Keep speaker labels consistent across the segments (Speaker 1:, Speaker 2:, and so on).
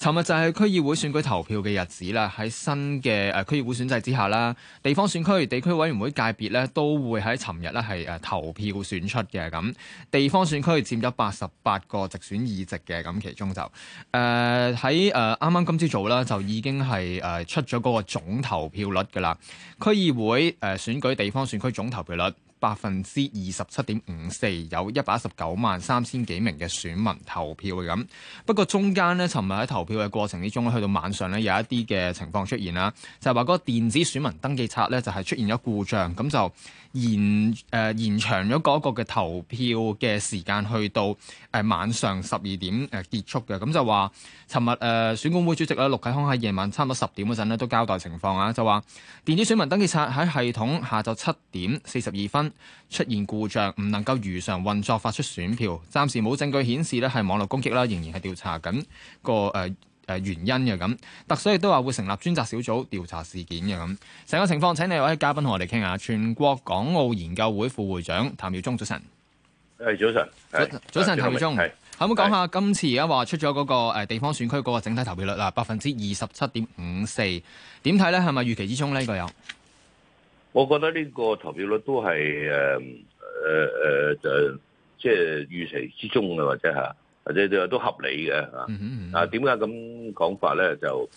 Speaker 1: 尋日就係區議會選舉投票嘅日子啦，喺新嘅誒、呃、區議會選制之下啦，地方選區、地區委員會界別咧都會喺尋日咧係誒投票選出嘅咁，地方選區佔咗八十八個直選議席嘅咁，其中就誒喺誒啱啱今朝早啦，就已經係誒、呃、出咗嗰個總投票率㗎喇，區議會誒、呃、選舉地方選區總投票率。百分之二十七點五四，有一百一十九萬三千幾名嘅選民投票嘅咁。不過中間呢，尋日喺投票嘅過程之中，去到晚上呢，有一啲嘅情況出現啦，就係話嗰個電子選民登記冊呢，就係出現咗故障，咁就，延誒、呃、延長咗個個嘅投票嘅時間，去到誒、呃、晚上十二點誒結束嘅。咁就話，尋日誒選管會主席咧陸啟康喺夜晚差唔多十點嗰陣都交代情況啊，就話電子選民登記冊喺系統下晝七點四十二分出現故障，唔能夠如常運作發出選票，暫時冇證據顯示呢係網絡攻擊啦，仍然係調查緊、嗰個誒。呃誒原因嘅咁，特首亦都話會成立專責小組調查事件嘅，咁成個情況，請你位嘉賓同我哋傾下。全國港澳研究會副會長譚耀宗，早晨。
Speaker 2: 誒，早晨。早晨，譚耀宗，係
Speaker 1: 可唔可以講下今次而家話出咗嗰個地方選區嗰個整體投票率嗱百分之二十七點五四，點睇咧？係咪預期之中呢個有？
Speaker 2: 我覺得呢個投票率都係誒誒誒，就即、是、係預期之中嘅或者係。或者都合理嘅啊！啊，點解咁講法咧？就誒、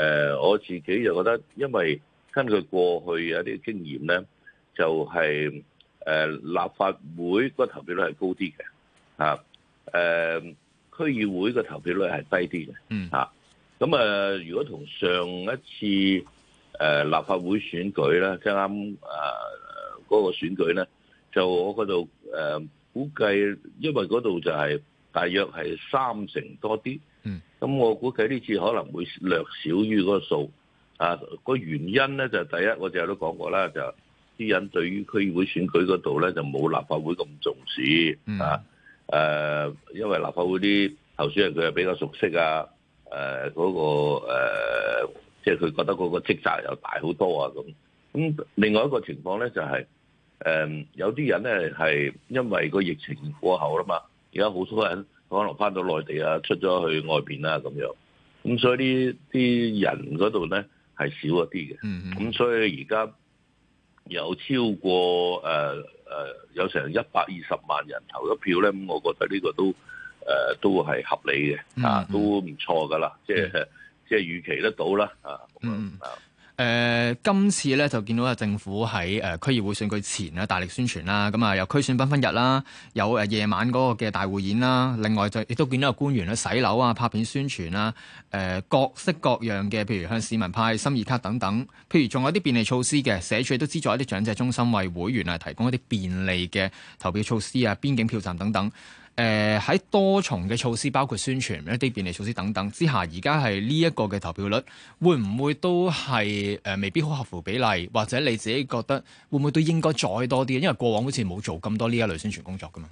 Speaker 2: 呃，我自己就覺得，因為根據過去有啲經驗咧，就係、是、誒、呃、立法會個投票率係高啲嘅啊。誒、呃、區議會個投票率係低啲嘅嚇。咁、嗯、啊，如果同上一次誒、呃、立法會選舉咧，即係啱誒嗰個選舉咧，就我嗰度誒估計，因為嗰度就係、是。大約係三成多啲，咁我估計呢次可能會略少於嗰個數。啊，個原因咧就是、第一，我就喺度講過啦，就啲、是、人對於區議會選舉嗰度咧就冇立法會咁重視啊。誒、啊，因為立法會啲候選人佢係比較熟悉啊。誒、那個，嗰個即係佢覺得嗰個職責又大好多啊咁。咁另外一個情況咧就係、是、誒、啊，有啲人咧係因為個疫情過後啦嘛。而家好多人可能返到內地啊，出咗去外邊啦、啊，咁樣，咁所以呢啲人嗰度咧係少一啲嘅，咁、嗯嗯、所以而家有超過誒誒、呃呃、有成一百二十萬人投咗票咧，咁我覺得呢個都誒、呃、都係合理嘅，啊、嗯嗯、都唔錯噶啦，即係、嗯、即係預期得到啦，啊啊！
Speaker 1: 嗯誒、呃、今次咧就見到啊政府喺誒、呃、區議會選舉前大力宣傳啦，咁、嗯、啊有區選繽紛日啦，有、呃、夜晚嗰個嘅大匯演啦，另外就亦都見到有官員去洗樓啊、拍片宣傳啦、呃，各式各樣嘅譬如向市民派心意卡等等，譬如仲有啲便利措施嘅，社署都資助一啲長者中心為會員啊提供一啲便利嘅投票措施啊、邊境票站等等。誒喺、呃、多重嘅措施，包括宣傳、一啲便利措施等等之下，而家係呢一個嘅投票率，會唔會都係誒、呃、未必好合乎比例？或者你自己覺得會唔會都應該再多啲？因為過往好似冇做咁多呢一類宣傳工作噶嘛。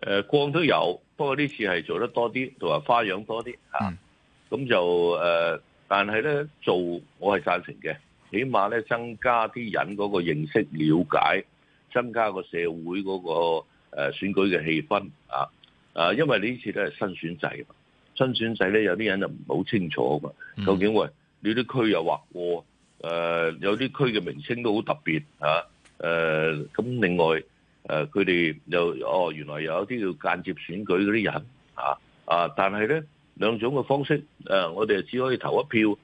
Speaker 2: 誒、呃、過往都有，不過呢次係做得多啲，同埋花樣多啲嚇。咁、嗯啊、就誒、呃，但係咧做我係贊成嘅，起碼咧增加啲人嗰個認識、瞭解，增加個社會嗰、嗰個。誒選舉嘅氣氛啊，誒，因為呢次都係新選制，新選制咧有啲人就唔係好清楚㗎，究竟喂，你啲區又劃過，誒、哦，有啲區嘅名稱都好特別嚇，誒、啊，咁另外誒，佢、啊、哋又哦，原來有一啲叫間接選舉嗰啲人嚇、啊，啊，但係咧兩種嘅方式，誒、啊，我哋只可以投一票，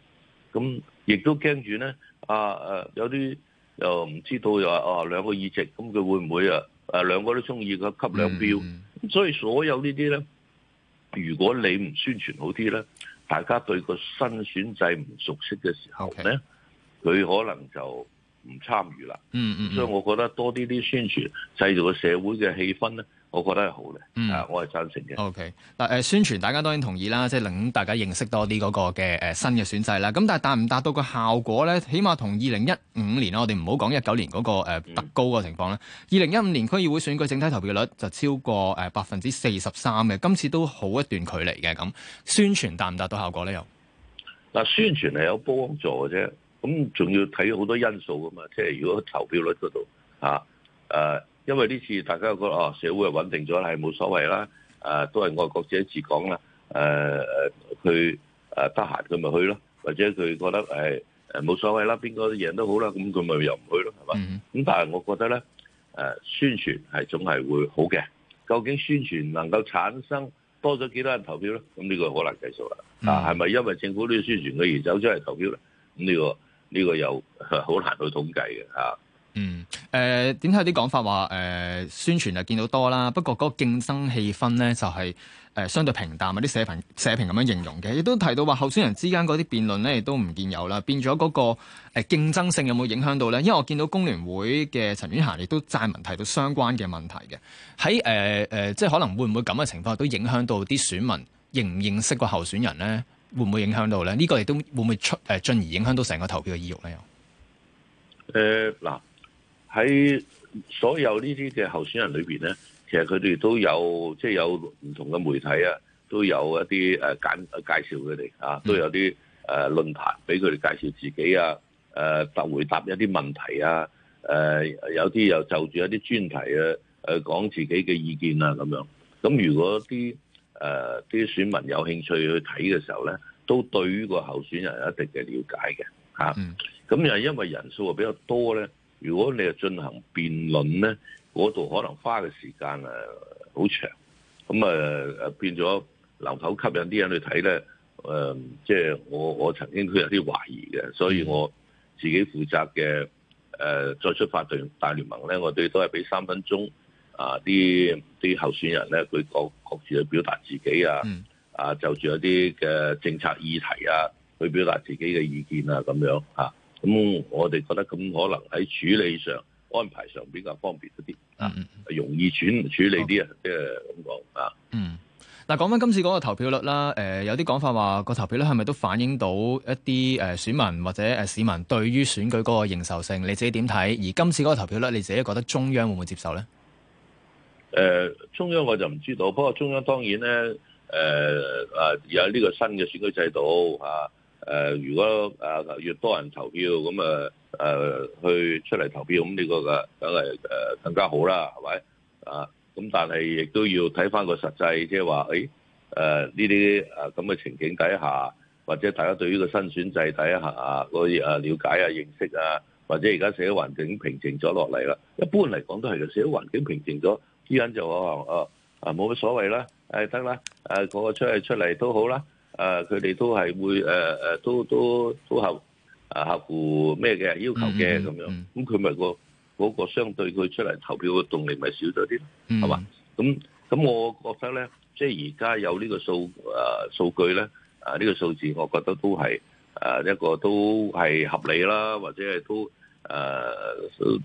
Speaker 2: 咁亦都驚住咧，啊誒，有啲又唔知道又話哦兩個議席，咁佢會唔會啊？誒，兩、啊、個都中意嘅吸兩標，嗯嗯，所以所有呢啲咧，如果你唔宣傳好啲咧，大家對個新選制唔熟悉嘅時候咧，佢 Okay. 可能就唔參與啦。嗯，嗯嗯，所以我覺得多啲啲宣傳，製造個社會嘅氣氛咧。
Speaker 1: 我覺得係好嘅，啊、嗯，我係贊成嘅。O K，嗱誒，宣傳大家當然同意啦，即係令大家認識多啲嗰個嘅誒新嘅選制啦。咁但係達唔達到個效果咧？起碼同二零一五年我哋唔好講一九年嗰個誒特高嘅情況啦。二零一五年區議會選舉整體投票率就超過誒百分之四十三嘅，今次都好一段距離嘅。咁宣傳達唔達到效果咧？又
Speaker 2: 嗱，宣傳係有幫助嘅啫，咁仲要睇好多因素噶嘛。即係如果投票率嗰度啊，誒、啊。因為呢次大家覺得哦社會啊穩定咗係冇所謂啦，誒、啊、都係外國者自講啦，誒佢誒得閒佢咪去咯，或者佢覺得誒誒冇所謂啦，邊個贏都好啦，咁佢咪又唔去咯，係嘛？咁、嗯、但係我覺得咧誒、啊、宣傳係總係會好嘅，究竟宣傳能夠產生多咗幾多人投票咧？咁呢個好難計數啦。嗱係咪因為政府呢宣傳嘅而走出嚟投票咧？咁呢、呢個呢、呢個又好難去統
Speaker 1: 計嘅嚇。啊。嗯，誒、呃，點解有啲講法話誒、呃、宣傳就見到多啦？不過嗰個競爭氣氛呢，就係、是、誒、呃、相對平淡，有啲社評社評咁樣形容嘅。亦都提到話候選人之間嗰啲辯論呢，亦都唔見有啦，變咗嗰、那個誒競、呃、爭性有冇影響到呢？因為我見到工聯會嘅陳婉嫻亦都撰文提到相關嘅問題嘅。喺誒誒，即係可能會唔會咁嘅情況下都影響到啲選民認唔認識個候選人呢？會唔會影響到呢？呢、這個亦都會唔會出誒進、呃、而影響到成個投票嘅意慾呢？又
Speaker 2: 誒嗱。喺所有呢啲嘅候選人裏邊咧，其實佢哋都有即係、就是、有唔同嘅媒體啊，都有一啲誒簡介紹佢哋啊，都有啲誒論壇俾佢哋介紹自己啊，誒、啊、答回答一啲問題啊，誒、啊、有啲又就住一啲專題啊，誒、啊、講自己嘅意見啊咁樣。咁如果啲誒啲選民有興趣去睇嘅時候咧，都對於個候選人有一定嘅了解嘅嚇、啊。咁又係因為人數比較多咧。如果你係進行辯論咧，嗰度可能花嘅時間誒好長，咁誒誒變咗流頭吸引啲人去睇咧，誒即係我我曾經都有啲懷疑嘅，所以我自己負責嘅誒、呃、再出發對大聯盟咧，我哋都係俾三分鐘啊，啲啲候選人咧，佢各各自去表達自己啊，嗯、啊就住一啲嘅政策議題啊，去表達自己嘅意見啊咁樣嚇。咁我哋覺得咁可能喺處理上安排上比較方便一啲啊，容易轉處理啲啊，即係咁講啊。嗯，
Speaker 1: 嗱講翻今次嗰個投票率啦，呃，有啲講法話個投票率係咪都反映到一啲呃選民或者呃市民對於選舉嗰個認受性？你自己點睇？而今次嗰個投票率你自己覺得中央會唔會接受咧？
Speaker 2: 呃，中央我就唔知道，不過中央當然咧，呃啊，有呢個新嘅選舉制度啊。誒，如果誒越多人投票，咁誒去出嚟投票，咁呢個嘅梗係更加好啦，係咪？啊，咁但係亦都要睇返個實際，即係話誒誒呢啲誒咁嘅情景底下，或者大家對於個新選制底下嗰啲了解啊、認識啊，或者而家社會環境平靜咗落嚟啦，一般嚟講都係社會環境平靜咗，啲人就話：哦「啊冇乜所謂啦，誒得啦，誒嗰個出嚟出嚟都好啦。誒，佢哋、呃、都係會誒誒、呃，都都合啊合乎咩嘅要求嘅咁、mm hmm. 樣，咁佢咪個嗰、嗰個相對佢出嚟投票嘅動力咪少咗啲，係嘛、mm？咁、hmm. 咁，我覺得咧，即係而家有呢個數誒、呃、數據咧，啊、呃、呢、呢個數字，我覺得都係誒、呃、一個都係合理啦，或者係都誒、呃、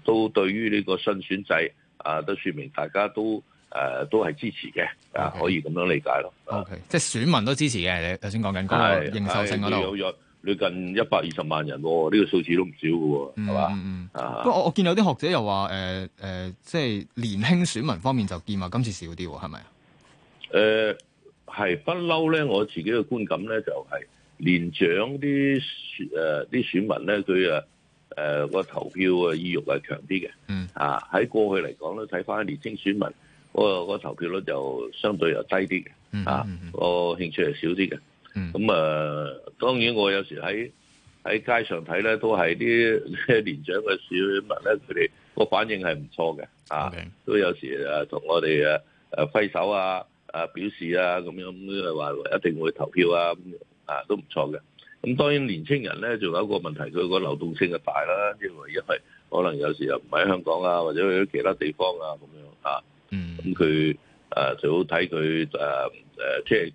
Speaker 2: 都對於呢個新選制啊、呃，都説明大家都。誒、呃、都係支持嘅，啊 Okay. 可以咁樣理解咯。
Speaker 1: O Okay.、uh, K，、okay. 即係選民都支持嘅。你頭先講緊個認受性嗰度，有
Speaker 2: 約略近一百二十萬人喎，呢個數字都唔少嘅喎，嘛、嗯吧嗯？嗯
Speaker 1: 嗯，不過我我見有啲學者又話誒誒，即係年輕選民方面就見嘛，今次少啲喎，係咪？
Speaker 2: 誒係不嬲咧，我自己嘅觀感咧就係、是、年長啲誒啲選民咧，佢誒誒個投票嘅意欲係強啲嘅。嗯、啊，喺過去嚟講咧，睇翻年輕選民。個個投票率就相對又低啲嘅，啊個、嗯嗯嗯、興趣係少啲嘅。咁啊、嗯呃，當然我有時喺喺街上睇咧，都係啲年長嘅市民咧，佢哋個反應係唔錯嘅，啊 Okay. 都有時誒同我哋誒誒揮手啊、誒、啊、表示啊咁樣都係話一定會投票啊，啊都唔錯嘅。咁當然年青人咧仲有一個問題，佢個流動性就大啦，因為因為可能有時又唔喺香港啊，或者去咗其他地方啊咁樣啊。嗯，咁佢誒最好睇佢誒誒，即係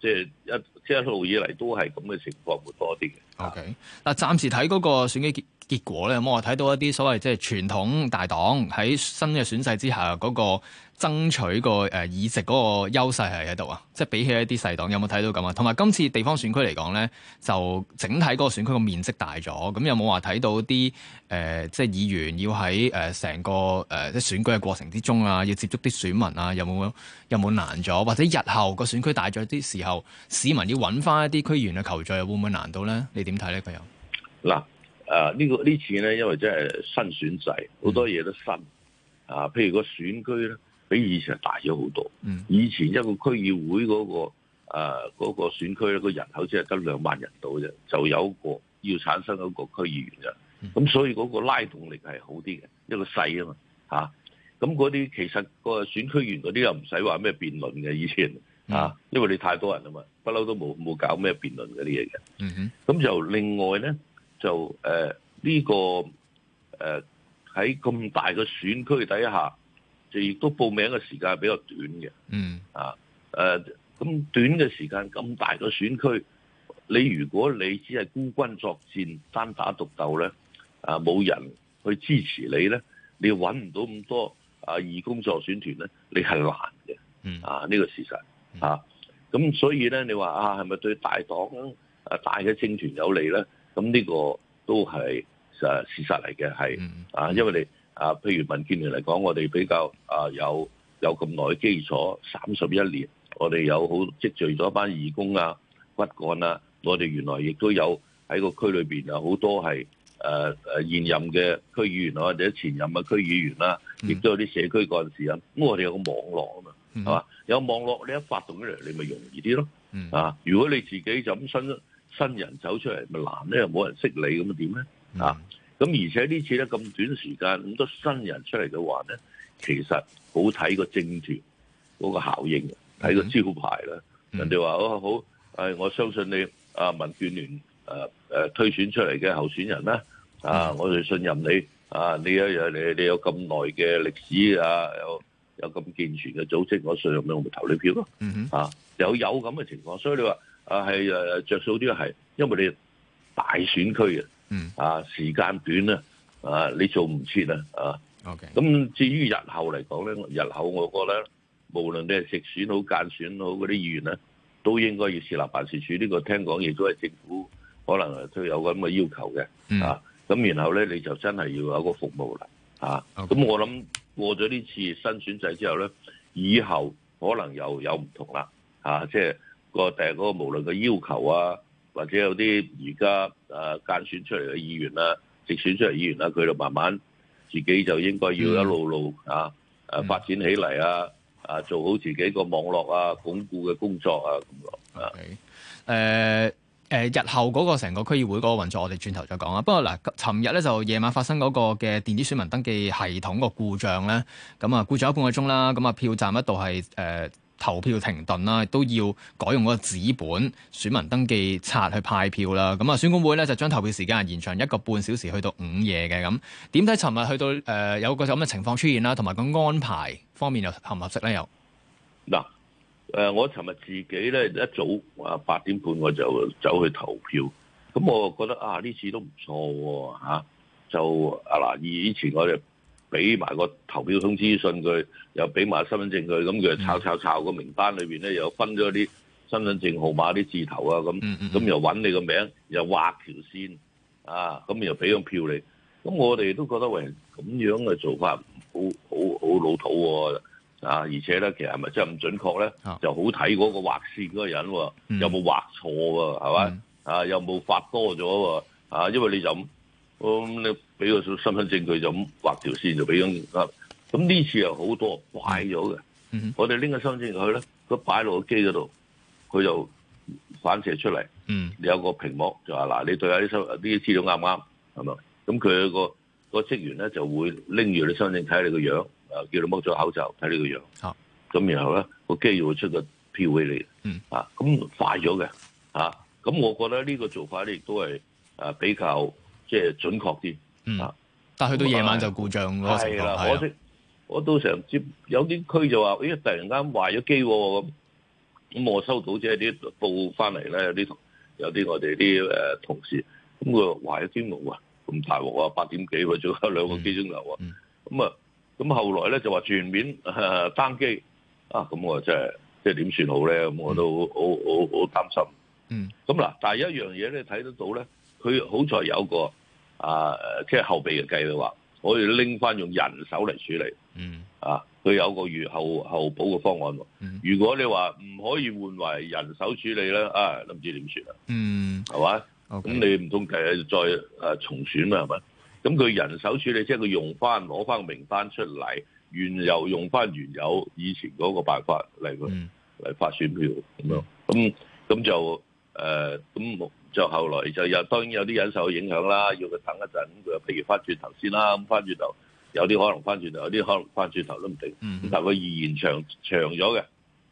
Speaker 2: 即係一即係一路以嚟都係咁嘅情況，會多啲嘅。OK，
Speaker 1: 嗱，暫時睇嗰個選舉結結果咧，有冇話睇到一啲所謂即係傳統大黨喺新嘅選制之下嗰個爭取個誒議席嗰個優勢係喺度啊？即係比起一啲細黨，有冇睇到咁啊？同埋今次地方選區嚟講咧，就整體嗰個選區個面積大咗，咁有冇話睇到啲誒、呃、即係議員要喺誒成個誒、呃、即係選舉嘅過程之中啊，要接觸啲選民啊，有冇有冇難咗？或者日後個選區大咗啲時候，市民要揾翻一啲區員去求助，會唔會難到咧？你點睇咧？佢又
Speaker 2: 嗱。誒，啊這個、前呢個呢次，咧，因為真係新選制，好多嘢都新。啊，譬如個選區咧，比以前大咗好多。嗯。以前一個區議會嗰、那個誒、嗰、啊那個選區咧，個人口只係得兩萬人到啫，就有個要產生一個區議員咋。咁所以嗰個拉動力係好啲嘅，一個細啊嘛。吓、啊，咁嗰啲其實個選區員嗰啲又唔使話咩辯論嘅，以前啊，因為你太多人啊嘛，不嬲都冇冇搞咩辯論嘅啲嘢嘅。嗯哼。咁就另外咧。就誒呢、呃這個誒喺咁大嘅選區底下，就亦都報名嘅時間比較短嘅。嗯啊誒咁、呃、短嘅時間，咁大嘅選區，你如果你只係孤軍作戰、單打獨鬥咧，啊冇人去支持你咧，你揾唔到咁多啊義工助選團咧，你係難嘅。嗯啊呢、這個事實啊，咁、啊、所以咧，你話啊係咪對大黨啊大嘅政團有利咧？咁呢個都係誒事實嚟嘅，係啊，因為你啊，譬如民建聯嚟講，我哋比較啊有有咁耐基礎，三十一年，我哋有好積聚咗一班義工啊、骨幹啊，我哋原來亦都有喺個區裏面有，啊，好多係現任嘅區議員啊，或者前任嘅區議員啊。亦都有啲社區幹事啊。咁我哋有個網絡啊嘛，係嘛、嗯？有網絡你一發動起嚟，你咪容易啲咯、啊。啊，如果你自己就咁新。新人走出嚟咪難咧，又冇人識你咁咪點咧？呢 mm hmm. 啊，咁而且這次呢次咧咁短時間咁多新人出嚟嘅話咧，其實好睇個政團嗰、那個效應，睇個招牌啦。Mm hmm. 人哋話哦好，誒我相信你啊，民建聯誒誒、啊啊、推選出嚟嘅候選人啦，啊，mm hmm. 我哋信任你啊，你一樣你你有咁耐嘅歷史啊，有有咁健全嘅組織，我信任你，我咪投你票咯。Mm hmm. 啊，有有咁嘅情況，所以你話。是啊，係誒着數啲係，因為你大選區嗯啊，時間短啊，你做唔切啊，OK。咁至於日後嚟講咧，日後我覺得呢無論你係直選好、間選好，嗰啲議員咧都應該要設立辦事處。呢個聽講亦都係政府可能都有咁嘅要求嘅，嗯。咁、啊、然後咧，你就真係要有一個服務啦，啊。咁 Okay. 我諗過咗呢次新選制之後咧，以後可能又有唔同啦，啊，即係。個定係嗰個無論個要求啊，或者有啲而家誒揀選出嚟嘅議員啊，直選出嚟議員啊，佢就慢慢自己就應該要一路路嚇誒、嗯啊、發展起嚟啊！啊，做好自己個網絡啊，鞏固嘅工作啊咁咯啊！誒誒、okay.
Speaker 1: 呃呃，日後嗰個成個區議會嗰個運作，我哋轉頭再講啊。不過嗱，尋、呃、日咧就夜晚發生嗰個嘅電子選民登記系統個故障咧，咁、嗯、啊故障咗半個鐘啦，咁、嗯、啊票站一度係誒。呃投票停頓啦，都要改用嗰個紙本選民登記冊去派票啦。咁啊，選管會咧就將投票時間延長、呃、一個半小時，去到午夜嘅咁。點解尋日去到誒有個咁嘅情況出現啦？同埋個安排方面又合唔合適咧？又
Speaker 2: 嗱誒，我尋日自己咧一早啊八點半我就走去投票，咁我覺得啊呢次都唔錯喎、啊、嚇、啊。就啊嗱，以前我哋。俾埋個投票通知信佢，又俾埋身份證佢，咁佢又抄抄抄個名單裏邊咧，又分咗啲身份證號碼啲字頭啊，咁咁、嗯嗯嗯、又揾你個名，又畫條線，啊，咁又俾個票你，咁我哋都覺得喂咁樣嘅做法，好好好老土喎、啊，啊，而且咧其實係咪真係唔準確咧，就好睇嗰個畫線嗰個人、啊、有冇畫錯喎、啊，係咪、嗯，啊，有冇發多咗喎、啊，啊，因為你就咁、嗯、你。俾個身份證佢就咁畫條線就俾咗。啊！咁呢次又好多擺咗嘅，mm hmm. 我哋拎個身份證去咧，佢擺落個機嗰度，佢就反射出嚟。嗯、mm，hmm. 你有個屏幕就話嗱，你對下啲呢啲資料啱唔啱係咪？咁佢、個個、個個職員咧就會拎住你身份證睇你個樣，啊，叫你剝咗口罩睇你個樣。咁、oh. 然後咧個機就會出個票俾你、mm hmm. 啊。啊，咁快咗嘅，啊，咁我覺得呢個做法咧亦都係啊比較即係、就是、準確啲。
Speaker 1: 嗯，但係去到夜晚就故障嗰個情況，係啦，可惜
Speaker 2: 我都成日接有啲區就話咦、欸，突然間壞咗機咁，咁我收到即係啲報翻嚟咧，有啲有啲我哋啲誒同事，咁佢壞咗天龍啊，咁大鑊啊，八點幾，或有兩個機鐘頭啊，咁啊，咁後來咧就話全面誒，單機啊，咁我真係即係點算好咧？咁我都好好好擔心。嗯，咁嗱，但係一樣嘢咧睇得到咧，佢好在有個。啊，即係後備嘅計劃嘅話可以拎翻用人手嚟處理。嗯，啊，佢有個月後後補嘅方案。嗯，如果你話唔可以換為人手處理咧，啊，都唔知點算啦。嗯，係嘛？OK。咁你唔通第日再、啊、重選咩？係咪？咁佢人手處理即係佢用翻攞翻個名單出嚟，原有用翻原有以前嗰個辦法嚟發嚟發選票咁、嗯、樣。咁咁就誒咁。呃那就後來就有當然有啲人受影響啦，要佢等一陣，佢譬如翻轉頭先啦，咁翻轉頭有啲可能翻轉頭，有啲可能翻轉頭，頭都唔定。嗯、哼但係個延延長長咗嘅，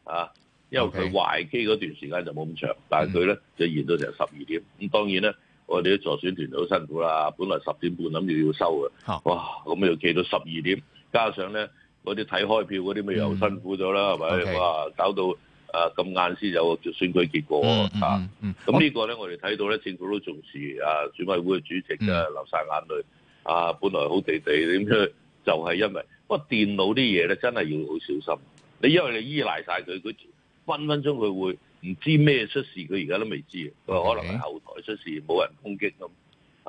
Speaker 2: 啊，因為佢壞機嗰段時間就冇咁長，但係佢咧就延到成十二點。咁、嗯、哼當然咧，我哋啲助選團隊都辛苦啦，本來十點半諗住要收嘅，哇，咁又企到十二點，加上咧嗰啲睇開票嗰啲咪又辛苦咗啦，係咪？哇，搞到～啊，咁晏先有個叫選舉結果啊！咁呢個咧，我哋睇到咧，政府都重視啊。選委會嘅主席真、啊嗯、流晒眼淚啊！本來好地地點，佢、啊、就係、是、因為不過電腦啲嘢咧，真係要好小心。你因為你依賴晒佢，佢分分鐘佢會唔知咩出事，佢而家都未知佢可能喺後台出事，冇人攻擊咁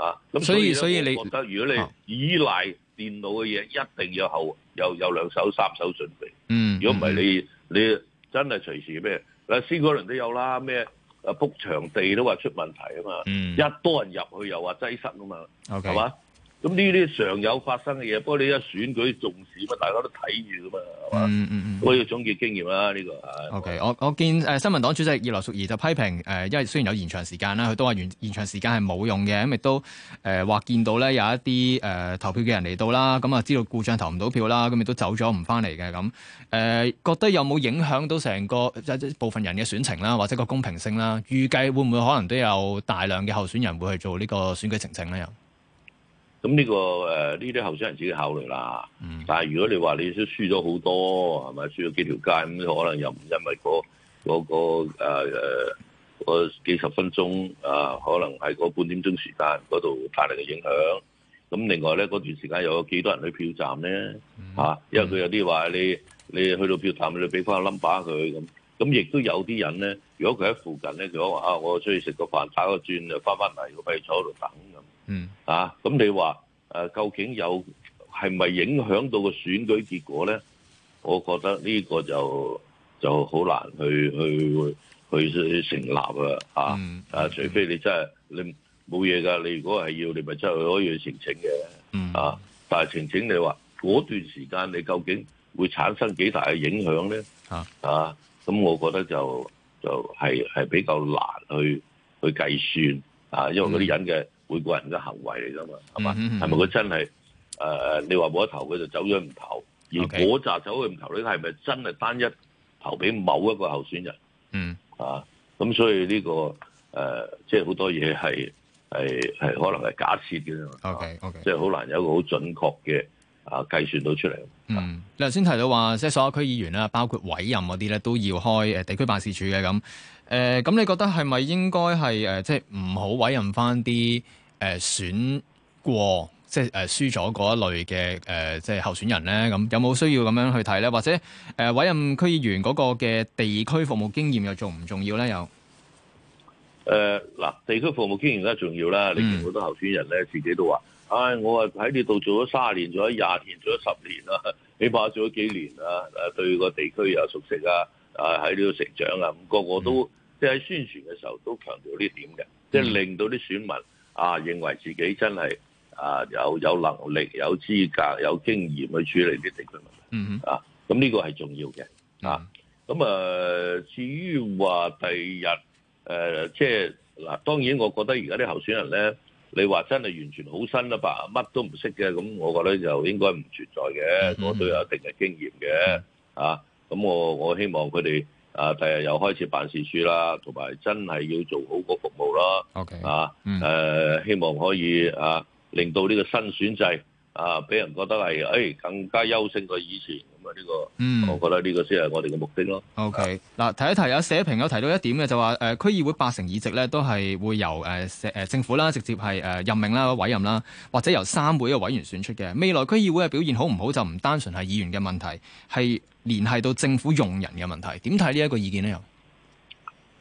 Speaker 2: 啊。咁、啊、所以咧，所以所以你我覺得如果你依賴電腦嘅嘢，啊、一定要後有有兩手、三手準備。嗯，如果唔係你你。嗯你 真係隨時咩？誒，先嗰輪都有啦，咩誒 book 場地都話出問題啊嘛，嗯、一多人入去又話擠塞啊嘛，係嘛 Okay.？咁呢啲常有發生嘅嘢，不過你一選舉重視，咪大家都
Speaker 1: 睇住㗎嘛，嗯嗯嗯，可以
Speaker 2: 總結經
Speaker 1: 驗啦，呢、這個 O Okay , K，吧我我見、呃、新民黨主席葉劉淑儀就批評誒、呃，因為雖然有延長時間啦，佢都話延延長時間係冇用嘅，咁亦都誒話、呃、見到咧有一啲、呃、投票嘅人嚟到啦，咁、嗯、啊知道故障投唔到票啦，咁亦都走咗唔返嚟嘅咁。誒、嗯呃、覺得有冇影響到成個部分人嘅選情啦，或者個公平性啦？預計會唔會可能都有大量嘅候選人會去做呢個選舉呈請咧？
Speaker 2: 咁呢、呢個呢啲後生人自己考慮啦。嗯、但係如果你話你都輸咗好多係咪？輸咗幾條街咁，可能又唔因為嗰、嗰、嗰個誒、嗰個啊、幾十分鐘啊，可能係個半點鐘時間嗰度帶嚟嘅影響。咁另外咧，嗰段時間又有幾多人去票站咧、嗯啊？因為佢有啲話你你去到票站你俾翻 number 佢咁，咁亦都有啲人咧。如果佢喺附近咧，佢話啊，我出去食個飯打個轉就翻返嚟個位坐喺度等。嗯啊，咁你話誒、啊，究竟有係咪影響到個選舉結果咧？我覺得呢個就就好難去去去，去成立啊！啊，嗯、除非你真係你冇嘢噶，你如果係要，你咪真係可以去澄清嘅啊。嗯、但係澄清你話嗰段時間，你究竟會產生幾大嘅影響咧？啊咁、啊、我覺得就就係、係、係比較難去去計算啊，因為嗰啲人嘅。嗯每個人嘅行為嚟噶嘛，係嘛？係咪佢真係誒、呃？你話冇得投佢就走咗唔投，而嗰紮走咗唔投，你係咪真係單一投俾某一個候選人？嗯啊，咁所以呢、這個誒、呃，即係好多嘢係係係可能係假設嘅嘛，即係好難有一個好準確嘅。啊！計算到出
Speaker 1: 嚟。嗯，你頭先提到話，即係所有區議員啦，包括委任嗰啲咧，都要開誒地區辦事處嘅咁。誒，咁、呃、你覺得係咪應該係誒，即係唔好委任翻啲誒選過，即係誒輸咗嗰一類嘅誒、呃，即係候選人咧？咁有冇需要咁樣去睇咧？或者誒、呃、委任區議員嗰個嘅地區服務經驗又重唔重要咧？又誒嗱、呃，
Speaker 2: 地區服務經驗咧重要啦。你見好多候選人咧，自己都話。唉、哎，我話喺呢度做咗卅年，做咗廿年，做咗十年啦、啊。起碼做咗幾年啦。誒、啊，對個地區又、啊、熟悉啊，誒，喺呢度成長啊，咁個個都、嗯、即係喺宣傳嘅時候都強調呢點嘅，即、就、係、是、令到啲選民啊認為自己真係啊有有能力、有資格、有經驗去處理啲地區問題啊。咁、嗯、呢、啊、個係重要嘅啊。咁、嗯、啊，至於話第二日誒、啊，即係嗱，當然我覺得而家啲候選人咧。你話真係完全好新啦吧？乜都唔識嘅，咁我覺得就應該唔存在嘅。我都有一定嘅經驗嘅，啊，咁我我希望佢哋啊第日又開始辦事處啦，同埋真係要做好個服務啦。OK，啊，啊，希望可以啊令到呢個新選制啊俾人覺得係、欸、更加優勝過以前。呢、這個嗯，我覺得呢個先係我哋嘅目
Speaker 1: 的咯。O K，嗱，提一提啊社評有提到一點嘅，就話誒區議會八成議席咧，都係會由誒誒、呃呃、政府啦，直接係誒、呃、任命啦、委任啦，或者由三會嘅委員選出嘅。未來區議會嘅表現好唔好，就唔單純係議員嘅問題，係聯繫到政府用人嘅問題。點睇呢一個意見呢？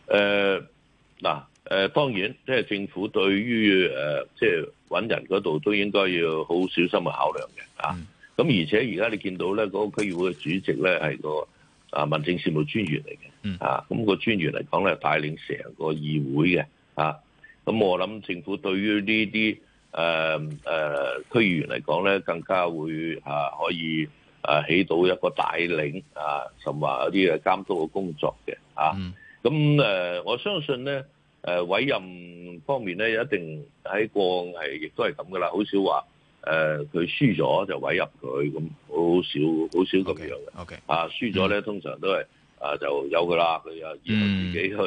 Speaker 1: 又
Speaker 2: 誒嗱誒，當然即係政府對於誒、呃、即係搵人嗰度，都應該要好小心去考量嘅啊。嗯咁而且而家你見到咧，嗰個區議會嘅主席咧係個啊民政事務專員嚟嘅、嗯啊，啊、那、咁個專員嚟講咧，帶領成個議會嘅，啊咁我諗政府對於呢啲誒誒區議員嚟講咧，更加會嚇、啊、可以誒起到一個帶領啊，甚至一啲嘅監督嘅工作嘅，啊咁誒、呃、我相信咧誒、呃、委任方面咧一定喺過往係亦都係咁噶啦，好少話。誒佢、呃、輸咗就委入佢，咁好少好少咁樣嘅。Okay. Okay. 啊，輸咗咧，通常都係啊就有嘅啦，佢以後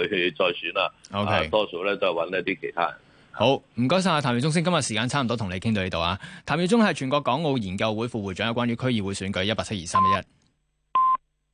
Speaker 2: 自己去再選啦。Mm. OK，、啊、多數咧都係揾一啲
Speaker 1: 其他人。Okay. 是好，唔該曬譚耀宗先，今日時間差唔多，同你傾到呢度啊。譚耀宗係全國港澳研究會副會長，有關於區議會選舉一八七二三一一。